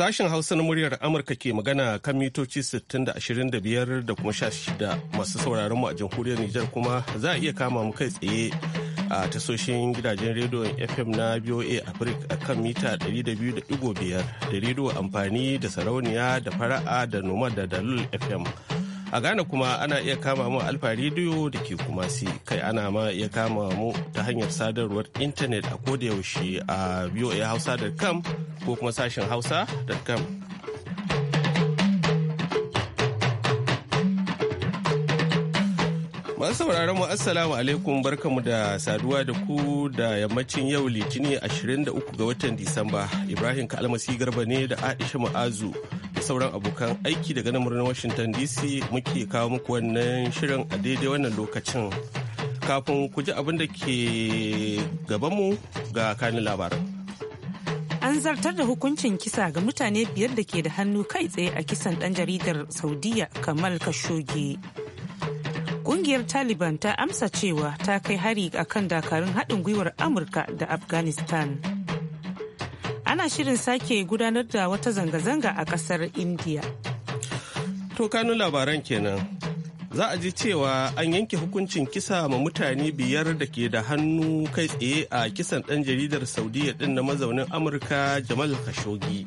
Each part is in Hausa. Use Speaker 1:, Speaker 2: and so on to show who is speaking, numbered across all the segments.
Speaker 1: Sashen Hausa na muryar Amurka ke magana kan mitoci 60-25 da kuma 16 masu sauraron mu a jamhuriyar Nijar kuma za a iya kama mu kai tsaye a tasoshin gidajen rediyon FM na BOA Africa a kan mita 200.5 da rediyo amfani da sarauniya da fara'a da noma da dalil FM. a Ghana kuma ana iya kama mu alfa rediyo da ke kuma si kai ana ma iya kama mu ta hanyar sadarwar intanet a yaushe a voahausa.com ko kuma sashen hausa.com Masu sauraron mu assalamu alaikum barkamu da saduwa da ku da yammacin yau litinin 23 ga watan Disamba. Ibrahim Kalmasi Garba ne da Aisha Ma'azu sauran abokan aiki daga nan birnin Washington DC muke kawo muku wannan shirin a daidai wannan lokacin. Kafin ku ji abin da ke gabanmu ga kanin labaran.
Speaker 2: An zartar da hukuncin kisa ga mutane biyar da ke da hannu kai tsaye a kisan ɗan jaridar Saudiya Kamal kashoge kungiyar taliban ta amsa cewa ta kai hari akan dakarun haɗin gwiwar amurka da afghanistan ana shirin sake gudanar da wata zanga-zanga a kasar india
Speaker 1: to kanun labaran kenan za a ji cewa an yanke hukuncin kisa ma mutane biyar da ke da hannu kai tsaye a kisan ɗan jaridar saudiya din na mazaunin amurka jamal khashoggi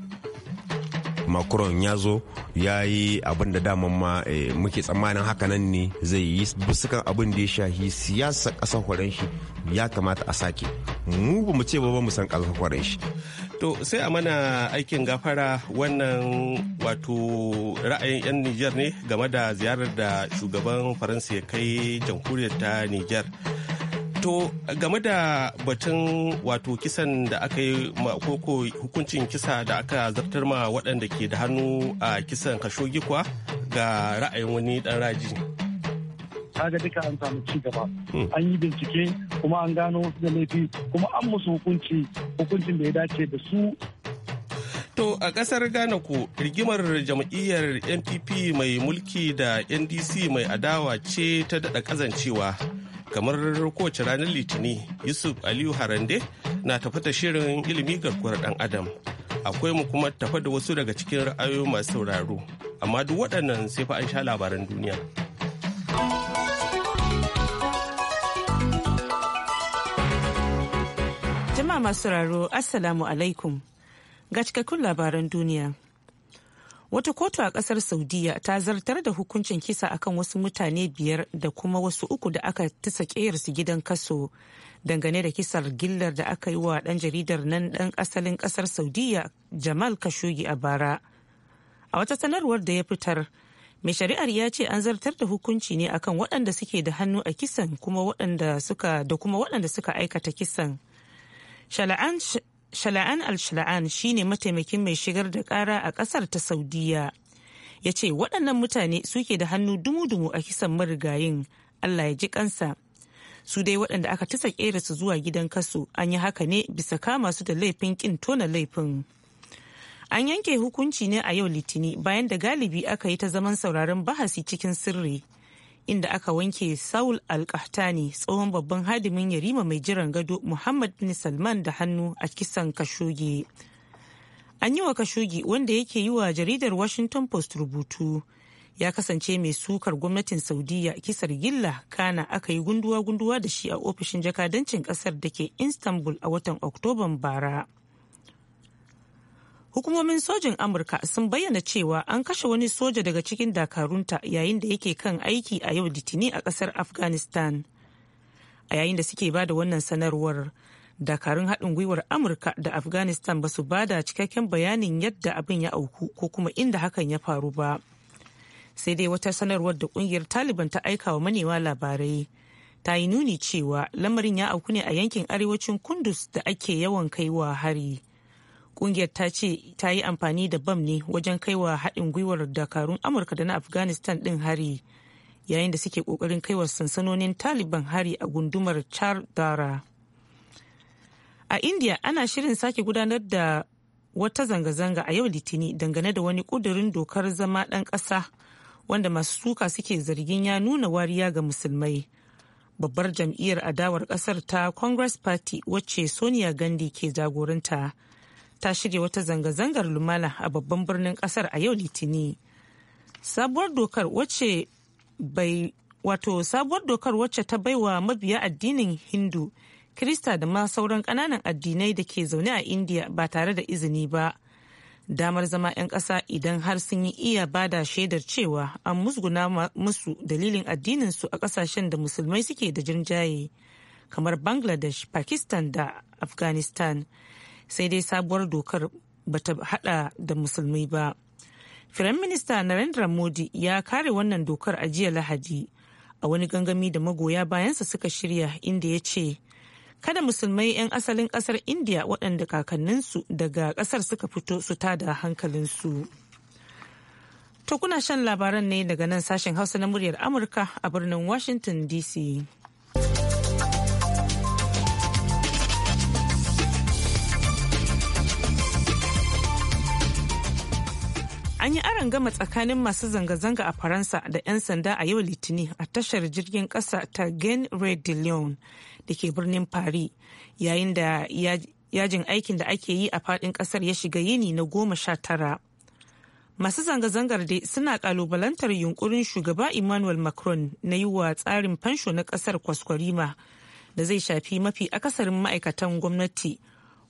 Speaker 1: macron ya zo ya yi abin da daman ma eh, muke tsammanin hakanan ne zai yi busukan abin da ya shahi siyasa ƙasar shi ya kamata a sake mu ba mu ce ba mu san ƙasar shi To sai a mana aikin gafara wannan wato ra'ayin 'yan Nijar ne game da ziyarar da shugaban Faransa ya kai jamhuriyar ta Nijar. To game da batun wato kisan da aka yi koko hukuncin kisa da aka zartar ma waɗanda ke da hannu a kisan kashogi kuwa ga ra'ayin wani ɗan raji.
Speaker 3: kaga duka an samu ci gaba hmm. an yi bincike kuma an gano wasu da laifi kuma an musu hukunci hukuncin da ya dace
Speaker 4: da su
Speaker 1: To a ƙasar Ghana ko rigimar jam'iyyar NPP mai mulki da NDC mai adawa ce ta daɗa ƙazancewa. Kamar kowace ranar Litini, Yusuf Aliyu Harande na tafi da shirin ilimi garkuwar ɗan Adam. Akwai mu kuma tafa da wasu daga cikin ra'ayoyi masu sauraro. Amma duk waɗannan sai fa an sha labaran duniya.
Speaker 2: Jama'a masu raro Assalamu alaikum. Ga cikakkun labaran duniya. Wata kotu a kasar Saudiya ta zartar da hukuncin kisa akan wasu mutane biyar da kuma wasu uku da aka tisa su gidan kaso dangane da kisar gillar da aka yi wa dan jaridar nan dan asalin kasar Saudiya Jamal kashogi a bara. A wata sanarwar da ya fitar, mai shari'ar ya ce an zartar da hukunci ne akan waɗanda suke da hannu a kisan da kuma waɗanda suka aikata kisan. Shala'an al-Shala'an shine mataimakin mai shigar da kara a kasar ta Saudiya. Ya ce waɗannan mutane suke da hannu dumu-dumu a kisan marigayin Allah ya ji kansa. Su dai waɗanda aka tasa kera su zuwa gidan kaso an yi haka ne bisa kama su da laifin ƙin tona laifin. An yanke hukunci ne a yau litini bayan da galibi aka yi ta zaman sauraron bahasi cikin sirri. inda aka wanke Saul Alkahtani tsohon babban hadimin yarima mai jiran gado Muhammad bin Salman da hannu a kisan Kashogi. An yi wa kashugi wanda yake yi wa jaridar Washington Post rubutu. Ya kasance mai sukar gwamnatin Saudiya kisar gilla kana aka yi gunduwa-gunduwa da shi a ofishin jakadancin kasar da ke Istanbul a watan Oktoban bara. hukumomin sojin amurka sun bayyana cewa an kashe wani soja daga cikin dakarunta yayin da yake kan aiki a yau litinin a kasar afghanistan a yayin da suke bada wannan sanarwar dakarun haɗin gwiwar amurka da afghanistan ba su bada cikakken bayanin yadda abin ya auku ko kuma inda hakan ya faru ba sai dai wata sanarwar da kungiyar taliban ta aika wa manema labarai ta yi nuni cewa lamarin ya auku ne a yankin arewacin kundus da ake yawan kaiwa hari. kungiyar ta ce ta yi amfani da bam ne wajen kaiwa haɗin gwiwar dakarun amurka da na afghanistan ɗin hari yayin da suke ƙoƙarin kaiwa sansanonin taliban hari a gundumar char dara a india ana shirin sake gudanar da wata zanga-zanga a yau litini dangane da wani ƙudurin dokar zama ɗan ƙasa wanda masu suka suke zargin ya nuna wariya ga musulmai babbar jam'iyyar adawar ƙasar ta congress party wacce sonia gandhi ke jagoranta ta shirya wata zanga-zangar lumana a babban birnin kasar a yau litini sabuwar dokar wacce bai wato sabuwar dokar wacce ta baiwa mabiya addinin hindu krista da ma sauran kananan addinai da ke zaune a india ba tare da izini ba damar zama 'yan ƙasa idan har sun yi iya bada shaidar cewa an musguna musu dalilin addininsu a ƙasashen da musulmai suke da jirjaye kamar bangladesh pakistan da afghanistan sai dai sabuwar dokar bata hada da musulmi ba firaminista narendra modi ya kare wannan dokar a jiya lahadi a wani gangami da magoya bayansa suka shirya inda ya ce kada musulmai 'yan asalin kasar india waɗanda kakanninsu daga ƙasar suka fito su tada hankalinsu to kuna shan labaran ne daga nan sashen hausa na muryar amurka a birnin washington dc an yi aron gama tsakanin masu zanga-zanga a faransa da 'yan sanda a yau litini a tashar jirgin kasa ta gain red de leon da ke birnin paris yayin da yajin aikin da ake yi a fadin kasar ya shiga yini na goma sha tara masu zanga-zangar dai suna kalubalantar yunkurin shugaba emmanuel macron na yi wa tsarin fansho na kasar kwaskwarima da zai shafi mafi akasarin ma'aikatan gwamnati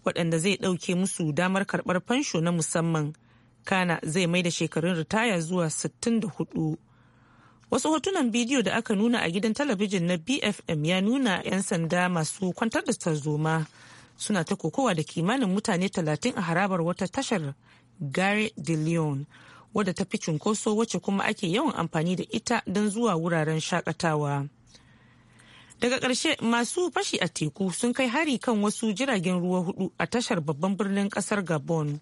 Speaker 2: waɗanda zai ɗauke musu damar karɓar fansho na musamman kana zai mai da shekarun ritaya zuwa 64 wasu hotunan bidiyo da aka nuna a gidan talabijin na bfm ya nuna 'yan sanda masu kwantar da tarzoma suna ta kokowa da kimanin mutane 30 a harabar wata tashar gare de leon wadda ta fi cunkoso wacce kuma ake yawan amfani da ita don zuwa wuraren shakatawa daga ƙarshe masu fashi a teku sun kai hari kan wasu jiragen ruwa hudu a tashar babban birnin ƙasar gabon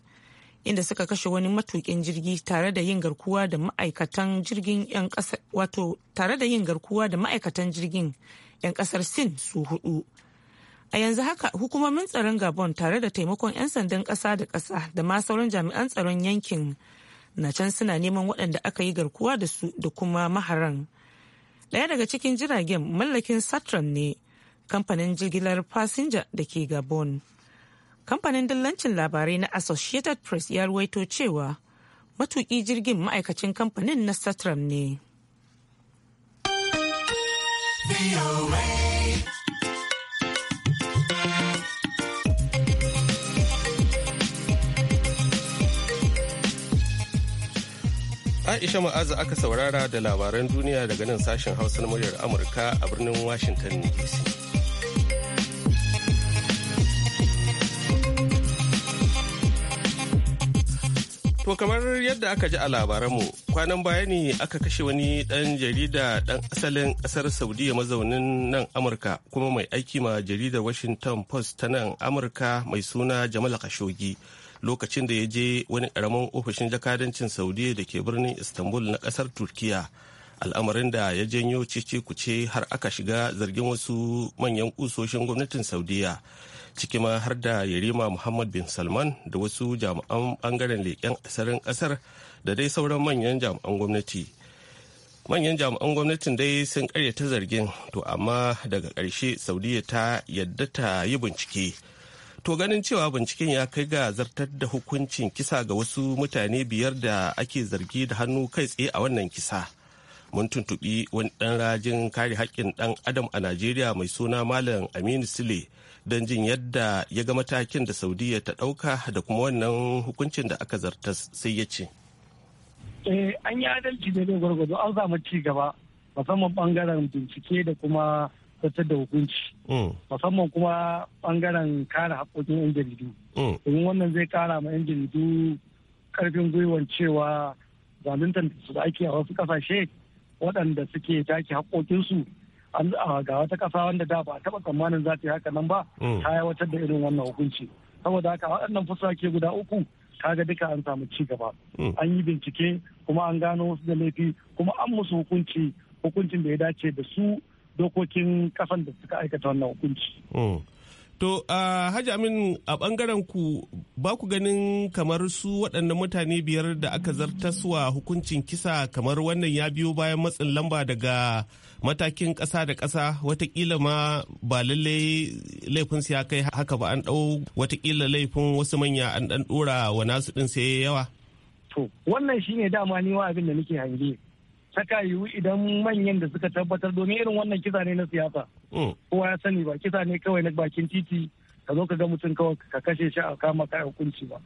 Speaker 2: inda suka kashe wani matukin jirgi tare da yin garkuwa da ma'aikatan jirgin 'yan kasar wato tare da yin garkuwa da ma'aikatan jirgin 'yan kasar sin su hudu a yanzu haka hukumomin tsaron gabon tare da taimakon 'yan sandan kasa da kasa da ma sauran jami'an tsaron yankin na can suna neman waɗanda aka yi garkuwa da su da kuma maharan ɗaya daga cikin jiragen mallakin satran ne kamfanin jigilar fasinja da ke gabon kamfanin dillancin labarai na associated press ya ruwaito cewa matuƙi jirgin ma'aikacin kamfanin na satram ne
Speaker 1: Aisha Ma'aza aka saurara da labaran duniya daga nan sashen hausa na muryar Amurka a birnin Washington DC. To kamar yadda aka ji a labaranmu kwanan baya ne aka kashe wani ɗan jarida ɗan asalin ƙasar Saudiya mazaunin nan Amurka kuma mai aiki ma jaridar Washington Post ta nan Amurka mai suna Jamal Khashoggi lokacin da ya je wani ƙaramin ofishin jakadancin Saudiya da ke birnin Istanbul na ƙasar Turkiya. Al'amarin da ya janyo cece kuce har aka shiga zargin wasu manyan kusoshin gwamnatin Saudiya. ciki ma har da yarima muhammad bin salman da wasu jami'an bangaren leƙen asirin ƙasar da dai sauran manyan jami'an gwamnati manyan jami'an gwamnatin dai sun karya ta zargin to amma daga ƙarshe saudiya ta yadda ta yi bincike to ganin cewa binciken ya kai ga zartar da hukuncin kisa ga wasu mutane biyar da ake zargi da hannu kai tsaye a wannan kisa mun tuntuɓi wani ɗan rajin kare haƙƙin ɗan adam a najeriya mai suna malam aminu sule don jin yadda ya ga matakin da saudiya ta ɗauka da kuma wannan hukuncin da aka zarta sai ya ce
Speaker 3: eh, an yi adalci da gwargwado an samu ci gaba musamman bangaren bincike da kuma fitar da hukunci mm. musamman kuma bangaren kare haƙoƙin 'yan jaridu mm. domin wannan zai kara ma 'yan jaridu karfin gwiwar cewa zaluntar da su ake a wasu ƙasashe waɗanda suke take haƙoƙinsu ga wata kasa wanda da ba taɓa tsammanin za ta yi haka nan ba mm. ta yi wata da irin wannan hukunci saboda haka waɗannan ke guda uku kaga duka an samu ci gaba mm. an yi bincike kuma an gano wasu da laifi kuma an musu hukunci hukuncin da ya dace da su dokokin kasan da suka aikata wannan hukunci. Mm.
Speaker 1: To, uh, Hajji Amin a ɓangaren ku ba ku ganin kamar su waɗannan mutane biyar da aka zartaswa hukuncin kisa kamar wannan ya biyo bayan matsin lamba daga matakin ƙasa da ƙasa watakila ma ba lallai laifin ya kai haka ba an ɗau watakila laifin wasu manya an ɗan ɗora wa nasu ɗin sai yawa.
Speaker 3: To, wannan shine dama ni wa abin da nake hange. saka yiwu idan manyan da suka tabbatar domin irin wannan kisa ne na siyasa hmm. kowa ya sani ba kisa ne kawai na bakin titi ka zo ka ga mutum kawai ka kashe shi a kama ka hukunci ba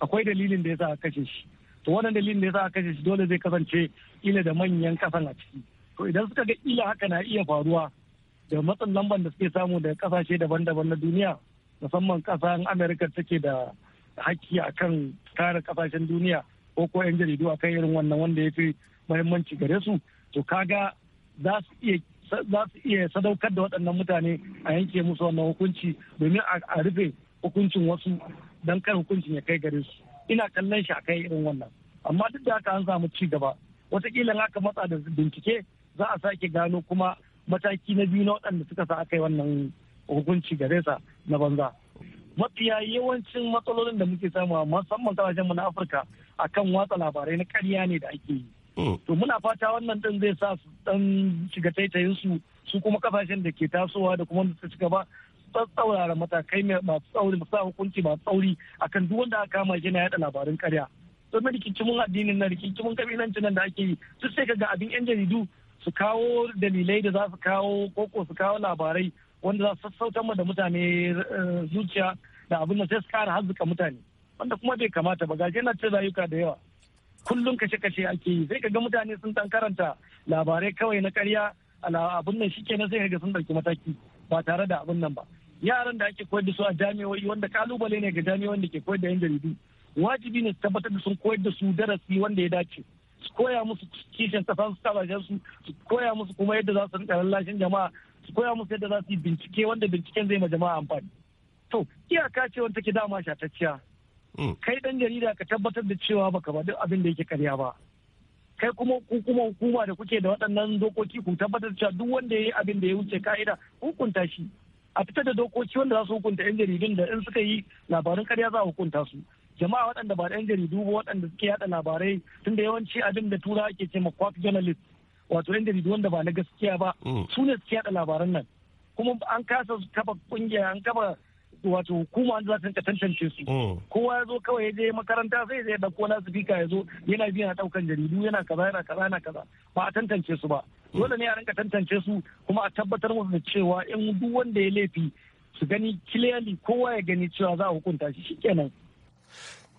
Speaker 3: akwai dalilin da yasa a kashe shi to wannan dalilin da yasa a kashe shi dole zai kasance ila da manyan kasan a ciki to idan suka ga ila haka na iya faruwa da matsin lamban da suke samu da kasashe daban-daban na duniya musamman kasan amerika take da hakki akan kare kasashen duniya ko ko yan jaridu akan irin wannan wanda ya fi mahimmanci gare su to kaga za su iya sadaukar da waɗannan mutane a yanke musu wannan hukunci domin a rufe hukuncin wasu don kai hukuncin ya kai gare su ina kallon shi a kai irin wannan amma duk da haka an samu ci gaba watakila aka matsa da bincike za a sake gano kuma mataki na biyu na waɗanda suka sa aka yi wannan hukunci gare sa na banza mafiya yawancin matsalolin da muke samu musamman kasashenmu na afirka akan watsa labarai na karya ne da ake yi Mm. to muna fata wannan din zai sa su dan shiga taitayin su su kuma kasashen da ke tasowa da kuma su ci gaba tsaurara matakai masu tsauri masu hukunci masu tsauri akan duk wanda aka kama yana yaɗa yada labarin karya don rikincimin addinin na rikincimin kabilancin nan da ake yi su sai ka ga abin yan jaridu su kawo dalilai da za su kawo koko su kawo labarai wanda za su sassautar da mutane eh, zuciya da abin da sai su kara hazzuka mutane wanda kuma bai kamata ba gaje na ce rayuka da yawa kullum kashe-kashe ake yi sai ga mutane sun dan karanta labarai kawai na karya abin nan na sai ga sun ɗauki mataki ba tare da abin nan ba yaran da ake koyar da su a jami'o'i wanda kalubale ne ga jami'o'in da ke koyar da yan jaridu wajibi ne su tabbatar da sun koyar da su darasi wanda ya dace su koya musu kishin safan su kasashen su su koya musu kuma yadda za su rinka lallashin jama'a su koya musu yadda za su yi bincike wanda binciken zai ma jama'a amfani to iyaka ce wanda take dama shatacciya kai dan jarida ka tabbatar da cewa baka ba duk abin da yake karya ba kai kuma ku kuma hukuma da kuke da waɗannan dokoki ku tabbatar cewa duk wanda yayi abin da ya wuce ka'ida hukunta shi a fitar da dokoki wanda za su hukunta yan jaridun da in suka yi labarin karya za a hukunta su jama'a waɗanda ba da yan jaridu ba waɗanda suke yada labarai tunda yawanci abin da tura ake ce ma journalist wato yan jaridu wanda ba na gaskiya ba mm. su ne suke yada labaran nan kuma an kasa kafa kungiya an kafa wato hukuma za ta tantance su mm. kowa ya zo kawai ya je makaranta sai zai dauko na speaker ya zo yana biyan daukan jaridu yana kaza yana kaza yana kaza ba a tantance su ba mm. dole ne a rinka tantance su kuma a tabbatar musu da cewa in duk wanda ya laifi su gani clearly kowa ya gani cewa za a hukunta shi shikenan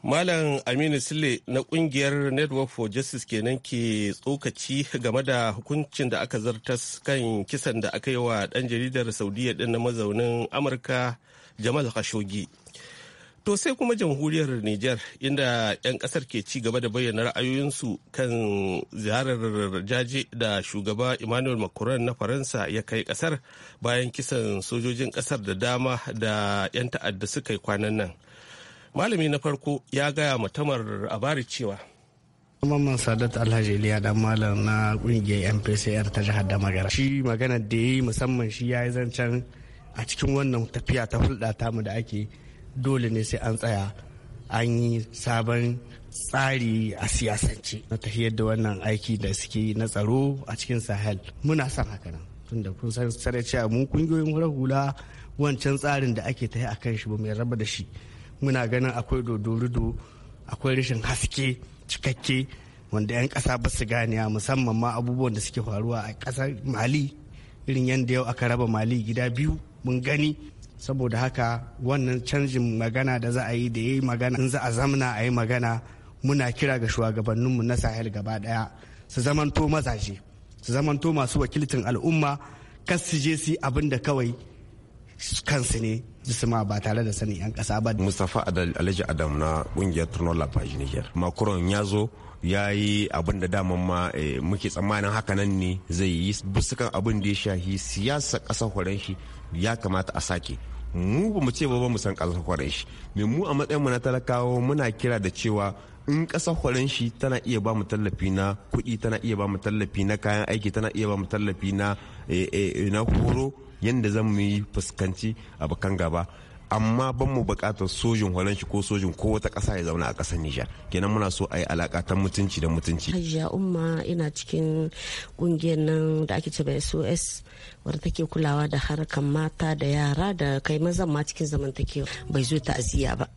Speaker 1: Malam Aminu Sule na kungiyar Network for Justice kenan ke tsokaci game da hukuncin da aka zartas kan kisan da aka yi wa ɗan jaridar Saudiya din na mazaunin Amurka jamal khashoggi to sai kuma jamhuriyar nijar inda 'yan kasar ke ci gaba da bayyana ra'ayoyinsu kan ziyarar jaje da shugaba emmanuel macron na faransa ya kai kasar bayan kisan sojojin kasar da dama da 'yan ta'adda suka yi kwanan nan malami na farko ya gaya matamar abari cewa
Speaker 5: Mamman Sadat Alhaji Iliya dan malam na kungiyar MPCR ta jihar damagara. Shi magana da ya yi musamman shi ya yi zancen a cikin wannan tafiya ta hulɗa mu da ake dole ne sai an tsaya an yi sabon tsari a siyasance na tafiyar da wannan aiki da suke na tsaro a cikin sahel muna son haka nan tunda kun san cewa mu kungiyoyin hura hula wancan tsarin da ake yi a kan shi ba mai raba da shi muna ganin akwai dodorido akwai rashin haske cikakke wanda 'yan kasa ba su gane musamman ma abubuwan da suke faruwa a kasar mali irin yadda yau aka raba mali gida biyu mun gani saboda haka wannan canjin magana da za a yi da ya yi magana in za a zamna a yi magana muna kira ga shugabanninmu na sahel gaba daya su zamanto mazaje su zamanto masu wakiltin al'umma kan su je su abin da kawai kansu ne ma ba tare da sanin 'yan
Speaker 6: kasa ba. Mustapha Alhaji Adam na kungiyar Turnon Lafaji Niger. Makuron ya zo ya yi abin da daman ma eh,
Speaker 1: muke tsammanin haka nan ne zai yi bisa abin da ya shahi siyasa kasa horon shi ya kamata a sake mu ba mu ce ba mu san kasa kwarin shi me mu a matsayin mu na talakawa muna kira da cewa in kasar kwarin shi tana iya ba mu tallafi na kuɗi tana iya ba mu tallafi na kayan aiki tana iya ba mu tallafi na eh, eh, horo yadda zan mu yi fuskanci a bakan gaba amma ban mu bukatar sojin holanshi ko sojin ko wata ƙasa ya zauna a ƙasar Nijar kenan muna so a yi alaƙa ta mutunci da mutunci.
Speaker 7: Hajiya Umma ina cikin ƙungiyar nan da ake bai SOS wadda take kulawa da harkar mata da yara da kai mazan ma cikin zamantakewa bai zo ta'aziyya ba.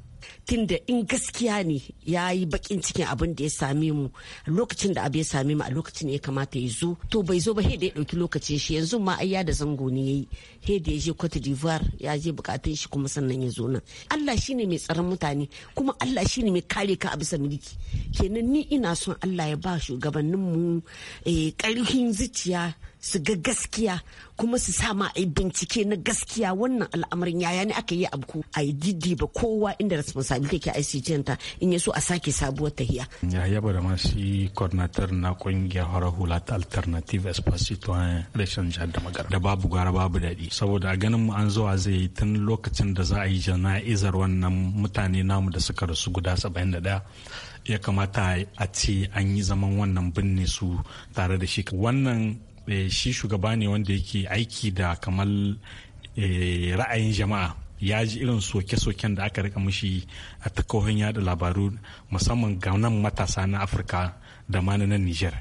Speaker 7: tunda in gaskiya ne ya yi bakin cikin abin da ya same mu lokacin da abu ya same mu a lokacin ne ya kamata ya zo to bai zo ba he da ya dauki lokacin shi yanzu ma ai ya da zango ne yayi he da ya je Cote d'Ivoire ya je bukatun shi kuma sannan ya zo nan Allah shine mai tsaron mutane kuma Allah shine mai kare ka a bisa mulki kenan ni ina son Allah ya ba shugabannin mu karfin eh, zuciya su ga gaskiya kuma su sama a bincike na gaskiya wannan al'amarin yaya ne aka yi abu a yi ba kowa inda responsibility ke ICJ ta in ya so a sake sabuwar tahiya.
Speaker 8: Ya yaba da shi coordinator na kungiyar horar hula ta alternative esposito reshen jihar da magana da babu gara babu daɗi saboda ganin mu an zuwa zai yi tun lokacin da za a yi jana'izar wannan mutane namu da suka rasu guda 71 ya kamata a ce an yi zaman wannan binne su tare da shi wannan Eh, shi shugaba ne wanda yake aiki da kamar eh, ra'ayin jama'a ya ji irin soke-soken da aka rika mushi a takohin yada labaru musamman ga nan matasa na afirka da ma na niger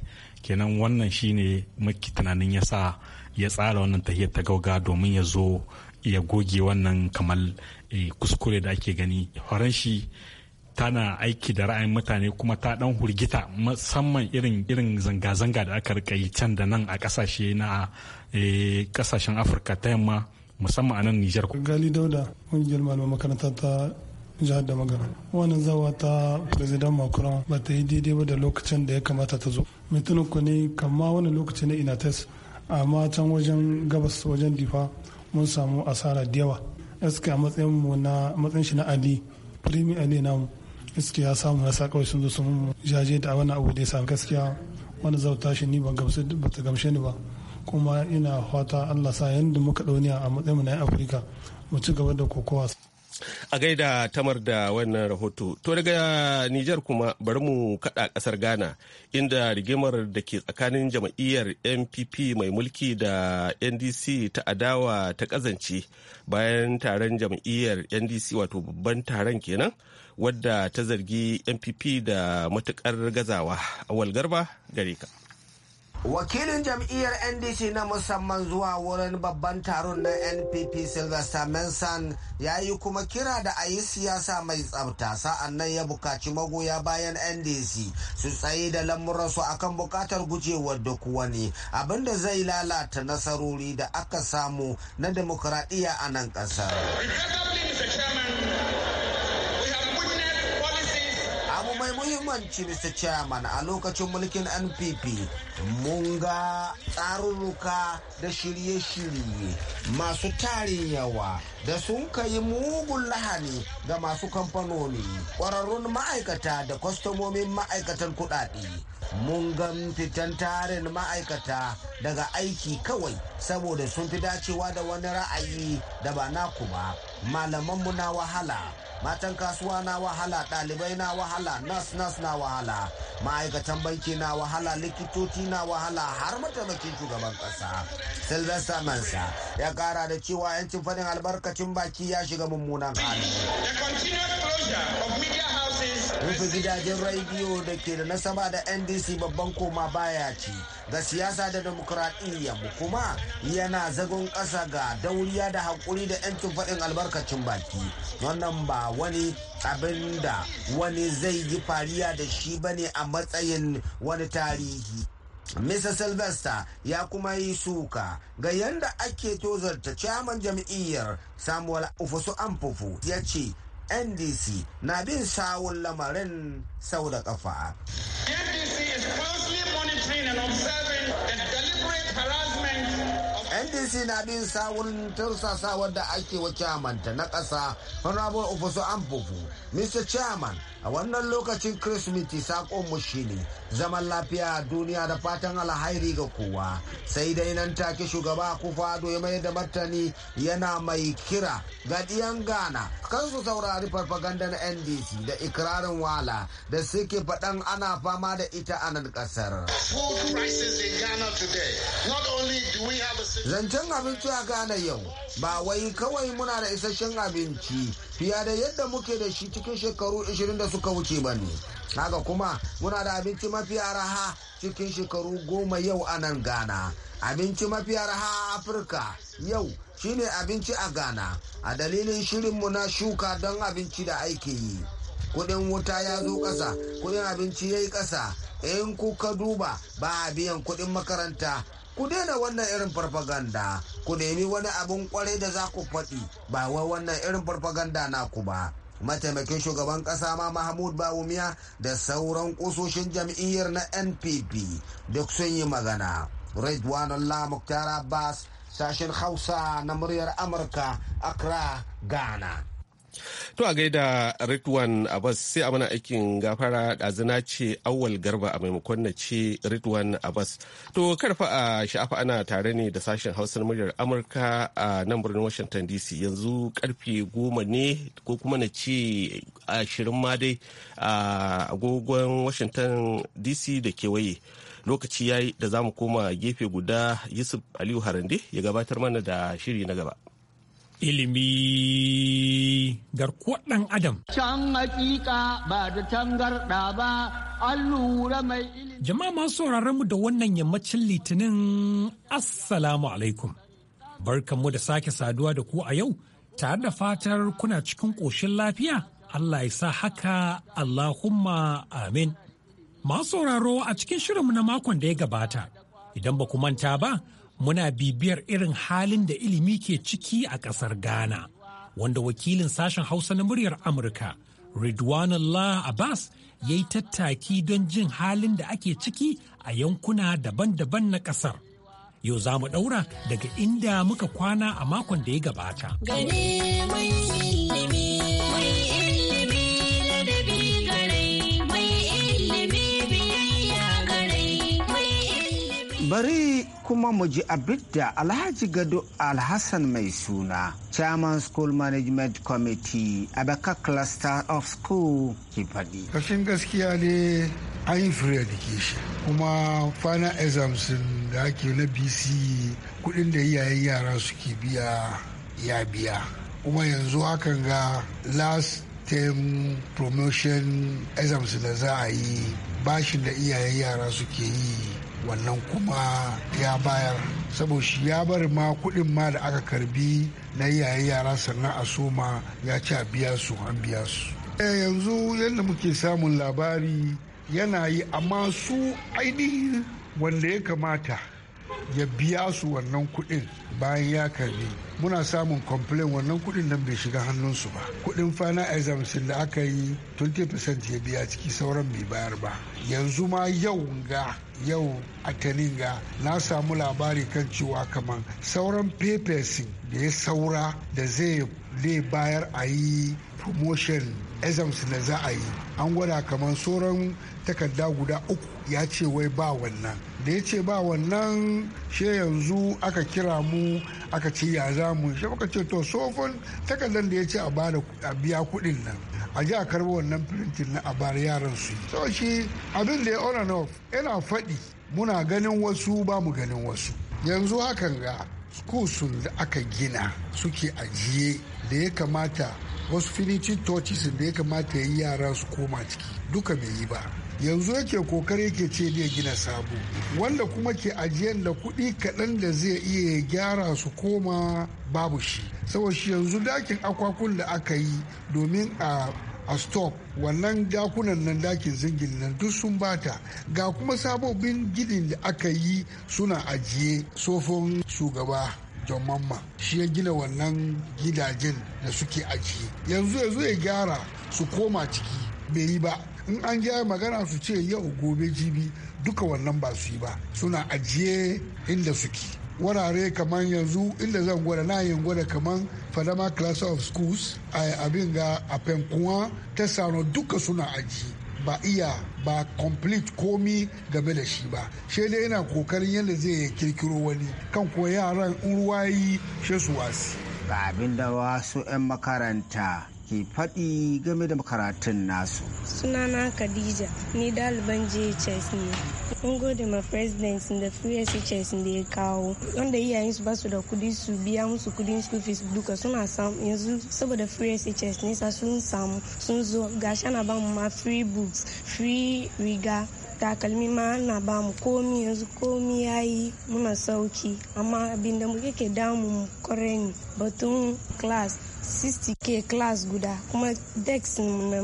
Speaker 8: kenan wannan shine maki tunanin ya sa ya tsara wannan tahiyar ta gauga domin ya zo ya goge wannan kamar eh, kuskure da ake gani horon tana aiki da ra'ayin mutane kuma ta dan hurgita musamman irin irin zanga-zanga da aka rika yi can da nan a kasashe na kasashen eh, afirka ta yamma musamman a nan nijar
Speaker 9: gali dauda kungiyar malamai makaranta ta jihar da magana wannan zawa ta president macron ba ta yi daidai ba da lokacin da ya kamata ta zo mutumin ku ne kama wani lokaci na inates amma can wajen gabas wajen difa mun samu asara da yawa eske a matsayin mu na matsayin shi na ali primi ali namu gaskiya samu nasa kawai sun zo sun jaje da wani abu da ya samu gaskiya wani zauta shi ni ban gamsu ba ta gamshe ni ba kuma ina fata allah sa yadda muka ɗauniya a matsayin na yan afirka mu ci gaba da kokowa
Speaker 1: a gaida tamar da wannan rahoto to daga nijar kuma bari mu kada kasar ghana inda rigimar da ke tsakanin jam'iyyar npp mai mulki da ndc ta adawa ta kazance bayan taron jam'iyyar ndc wato babban taron kenan wadda ta zargi npp da matukar gazawa awal garba gare ka
Speaker 6: wakilin jam'iyyar ndc na musamman zuwa wurin babban taron na npp sylvester manson ya yi kuma kira da a yi siyasa mai tsabta sa'an nan ya bukaci magoya bayan ndc su tsaye da lamuransu akan bukatar gujewar duk wani abinda zai lalata nasarori da aka samu na demokradiyya a nan ƙasar. muhimmanci mr chairman a lokacin mulkin npp mun ga tsarurruka da shirye-shirye masu tarin yawa da sun kai mugun lahani ga masu kamfanoni ƙwararrun ma'aikata da kwastomomin ma'aikatan kuɗaɗe mun ga fitan tarin ma'aikata daga aiki kawai saboda sun fi dacewa da wani ra'ayi da ba kuma. ba malamanmu na wahala matan kasuwa na wahala ɗalibai na wahala nas nas na wahala ma'aikatan banki na wahala likitoci na wahala har mataimakin shugaban ƙasa sylvester mansa ya ƙara da cewa 'yancin faɗin albarkacin baki ya shiga mummunan hali rufe gidajen rediyo da ke da nasaba da ndc babban koma baya ce ga siyasa da demokuraɗiyya mu kuma yana zagon ƙasa ga dauriya da haƙuri da 'yancin faɗin albarkacin baki wannan ba wani abin da wani zai yi fariya da shi bane a matsayin wani tarihi Mr. Sylvester ya kuma yi suka ga yadda ake tozarta caman jam'iyyar Samuel Ufosu Amfufu ya ce ndc na bin sawun lamarin sau da kafa ndc na bin sawun tursasawar da ake wa chairman ta na ƙasa honorable ofoso amfufu mr chairman a wannan lokacin kirsimeti sakonmu shine zaman lafiya a duniya da fatan alhairi ga kowa sai dai nan take shugaba kufado ya mai da martani yana mai kira ga ɗiyan ghana kan su saurari farfaganda na ndc da ikirarin wala da suke faɗan ana fama da ita a nan ƙasar zancen abinci a ghana yau ba wai kawai muna da isasshen abinci fiye da yadda muke da shi cikin shekaru 20 da suka wuce ba ne haka kuma muna da abinci mafi araha cikin shekaru goma yau a nan ghana abinci mafi araha a afirka yau shine abinci a ghana a dalilin shirinmu na shuka don abinci da aiki yi kudin wuta ya zo kasa kudin abinci ya yi kasa in kuka duba ba a biyan kudin makaranta ku daina wannan irin farfaganda ku nemi wani abin kwarai da za ku faɗi ba wai wannan irin farfaganda naku ba mataimakin shugaban kasa ma mahmud bawumiya da sauran kusoshin jam'iyyar na npp duk sun yi magana redwan allah muktar abbas sashen hausa na muryar amurka accra ghana
Speaker 1: To a gaida Ritwan Abbas sai a mana aikin gafara ɗazina ce awwal garba a maimakon na ce Ritwan Abbas. To karfa a sha'afa ana tare ne da sashen hausar muryar Amurka a nan birnin Washington DC yanzu karfe goma ne ko kuma na ce ashirin ma dai a agogon Washington DC da kewaye. Lokaci ya yi da za mu koma gefe guda Yusuf Aliyu Harande ya gabatar mana da shiri na gaba.
Speaker 4: ilimi garkuwar ɗan adam. Can hakika
Speaker 3: ba da tangarɗa ba, an lura mai ilimi.
Speaker 4: Jama'a masu sauraron mu da wannan yammacin litinin Assalamu alaikum. Barkanmu da sake saduwa da ku a yau, tare da fatar kuna cikin ƙoshin lafiya, Allah ya sa haka Allahumma amin. Masu sauraro a cikin shirinmu na makon da ya gabata, idan ba ku manta ba, muna bibiyar irin halin da ilimi ke ciki a ƙasar Ghana, wanda wakilin sashen Hausa na muryar Amurka, Ridwanullah Abbas, ya yi tattaki don jin halin da ake ciki a yankuna daban-daban na ƙasar. Yau za mu ɗaura daga inda muka kwana a makon da ya gabata.
Speaker 7: Gani
Speaker 6: bari kuma mu ji abinda alhaji gado alhassan mai suna chairman school management committee abaka cluster of school
Speaker 9: ke faɗi ƙarshen gaskiya ne an yi ke shi. kuma final exams da ake na bc e, kudin da iyayen yara suke biya ya biya kuma yanzu hakan ga last term promotion exams da za a yi bashin da iyayen yara suke yi wannan kuma ya bayar saboda shi ya bari ma kudin ma da aka karbi na yayi yara sannan a soma ya ci a biya su an biya su eh, yanzu yadda muke samun labari yana yi amma su ainihin wanda ya kamata ya biya su wannan kuɗin bayan ya karbi muna samun complain wannan kuɗin nan bai shiga hannunsu ba kuɗin fana exams da aka yi 20% ya biya ciki sauran bai bayar ba yanzu ma yau ga yau a taninga na samu labari kan cewa kamar sauran papers da ya saura da zai bayar a yi promotion exams da za a yi an gwada kamar sauran takarda guda uku ya ce wai ba wannan da ya ce ba wannan she yanzu aka kira mu aka ce ya za mu shi muka ce to sofon takardar da ya ce a biya kuɗin nan a ji a karbi wannan firintin na a bar yaran su so shi abin da ya on and yana faɗi muna ganin wasu ba mu ganin wasu yanzu hakan ga sun da aka gina suke ajiye da ya kamata wasu finiti torches da ya kamata ya yi yara su koma ciki duka bai yi ba yanzu yake kokari yake ce da gina sabo wanda kuma ke ajiyar da kuɗi kaɗan da zai iya gyara su koma babu shi saboda shi yanzu dakin akwakun da aka yi domin a a stop wannan dakunan nan dakin zingin nan duk sun bata ga kuma sabobin gidin da aka yi suna ajiye sofon shugaba don Mamma shi ya gina wannan gidajen da suke ajiye yanzu ya zo ya gyara su koma ciki bai yi ba in an ja magana su ce yau gobe jibi duka wannan ba su yi ba suna ajiye inda suke wurare kamar yanzu inda zan gwada na yin gwada kamar fadama class of schools a abin ga a penkuwa ta sano duka suna aji ba iya ba complete komi game da shi ba shi dai yana kokarin yadda zai kirkiro wani kan kuwa yaran in ruwa yi shi wasi ga
Speaker 6: abin da wasu 'yan makaranta ke faɗi game da karatun nasu.
Speaker 7: Sunana Khadija, ni ɗaliban JHS ne. Mun gode ma president da FUSHS da ya kawo. Wanda iyayen su basu da kudi su biya musu kudin school fees duka suna samu yanzu saboda FUSHS nesa sun samu sun zo gashi ana ba mu ma free books, free riga, takalmi ma na ba mu komi yanzu komi ya yi muna sauki amma abinda da muke ke damu kore ne batun class 60k class guda kuma dex na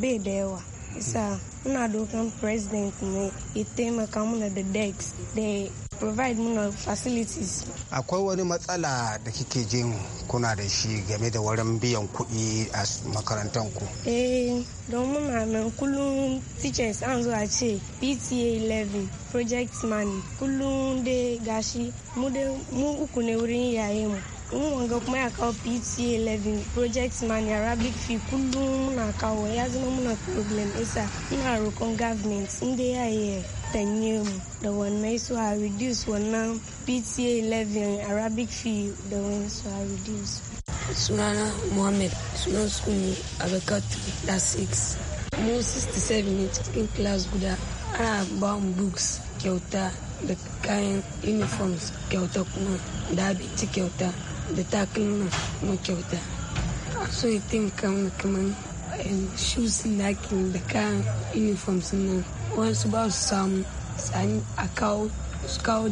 Speaker 7: bai da yawa isa muna dokan president ne ya taimaka muna da dex da provide muna facilities.
Speaker 6: Akwai wani matsala da kike jin kuna da shi game da wurin biyan kuɗi a makarantar ku?
Speaker 7: Eh, don muna nan kullum teachers an zuwa ce PTA 11 project money kullum dai gashi mu uku ne wurin yaye mu. wanga kuma ya kawo pta 11 project man arabic fi kullum muna kawo ya zama muna problem isa ina roƙon government inda ya yi sanye mu da wannan su a reduce wannan pta 11 arabic fee da wani su a reduce sunana mohammed sunan su abakatu da 6 mu 67 ne cikin class guda ana ba mu books kyauta da kayan uniforms kyauta kuma da abinci kyauta da takalma kuma kyauta so yi tinka kamar shoes nakin da kayan uniform nan wasu ba su samu sani a kawo
Speaker 6: su kawo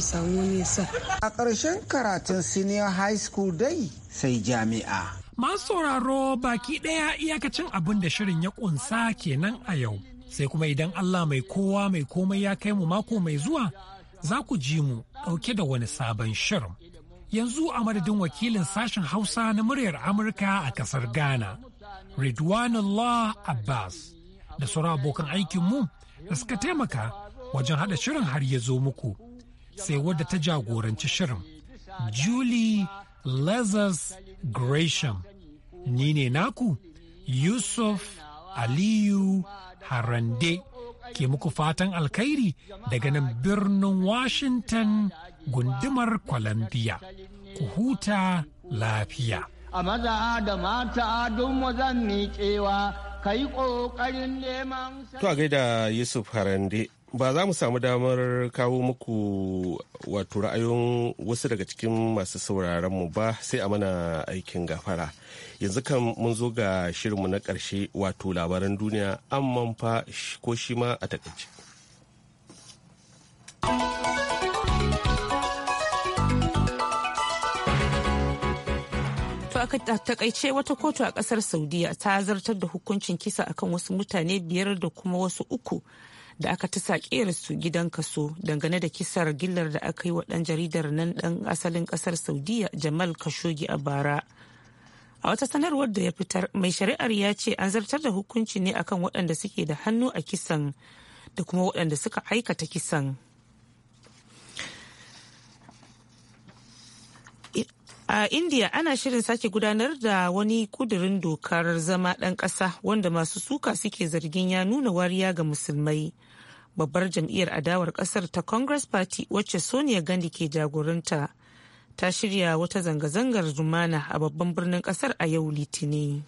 Speaker 6: samu nesa. A ƙarshen karatun senior high school dai sai jami'a.
Speaker 4: Masu sauraro baki ɗaya iyakacin abin da shirin ya ƙunsa kenan a yau. Sai kuma idan Allah mai kowa mai komai ya kai mu mako mai zuwa za ku ji mu ɗauke da wani sabon shirin. Yanzu a madadin wakilin sashen Hausa na muryar Amurka a ƙasar Ghana, Ridwanullah Abbas da sauran abokan aikinmu da suka taimaka wajen haɗa shirin har ya zo muku sai wadda ta jagoranci shirin Julie Lazarus Gresham ni ne naku Yusuf Aliyu Harande ke muku fatan alkhairi daga nan birnin Washington gundumar Columbia ku huta lafiya.
Speaker 3: a maza da mata don wazan miƙewa ka yi ƙoƙarin neman
Speaker 1: to a gaida yusuf harande ba za mu samu damar kawo muku wato ra'ayoyin wasu daga cikin masu sauraron mu ba sai a mana aikin gafara yanzu kan mun zo ga shirinmu na ƙarshe wato labaran duniya amman fa ko shi ma a takaice.
Speaker 2: takaice wata kotu a kasar saudiya ta zartar da hukuncin kisa akan wasu mutane biyar da kuma wasu uku da aka ta sakiyar su gidan kaso dangane da kisar gillar da aka yi wa dan jaridar nan ɗan asalin kasar saudiya jamal kashogi a bara a wata sanarwar da ya fitar mai shari'ar ya ce an zartar da hukunci ne akan waɗanda suke da hannu a kisan da kuma waɗanda suka aikata kisan a india ana shirin sake gudanar da wani kudirin dokar zama ɗan ƙasa wanda masu suka suke zargin ya nuna wariya ga musulmai babbar jam'iyyar adawar ƙasar ta congress party wacce sonia gandhi ke jagoranta ta shirya wata zanga-zangar zumana a babban birnin ƙasar a yau litinin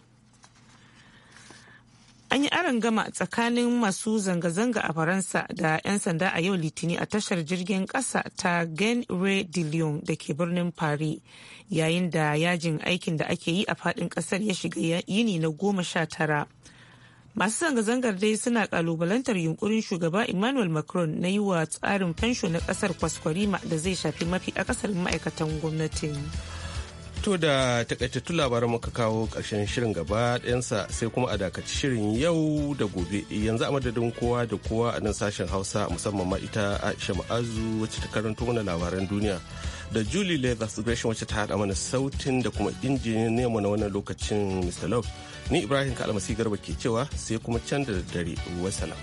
Speaker 2: an yi aron gama tsakanin masu zanga-zanga a faransa da 'yan sanda a yau litini a tashar jirgin kasa ta genre de lyon da ke birnin paris yayin da yajin aikin da ake yi a fadin kasar ya shiga yini na goma sha tara masu zanga-zangar dai suna kalubalantar yunkurin shugaba emmanuel macron na yi wa tsarin fensho na kasar kwaskwarima da zai shafi mafi a kasar ma'aikatan gwamnatin.
Speaker 1: To da takaitattun labaran muka kawo karshen shirin gaba ɗayansa sai kuma a dakaci shirin yau da gobe yanzu a madadin kowa da kowa a nan sashen Hausa musamman ma ita Aisha Ma'azu wacce ta karanto mana labaran duniya da Julie Leathers Gresham wacce ta haɗa mana sautin da kuma injiniyan nemo na wannan lokacin Mr. Love. Ni Ibrahim Kalmasi Garba ke cewa sai kuma can da daddare. Wasalam.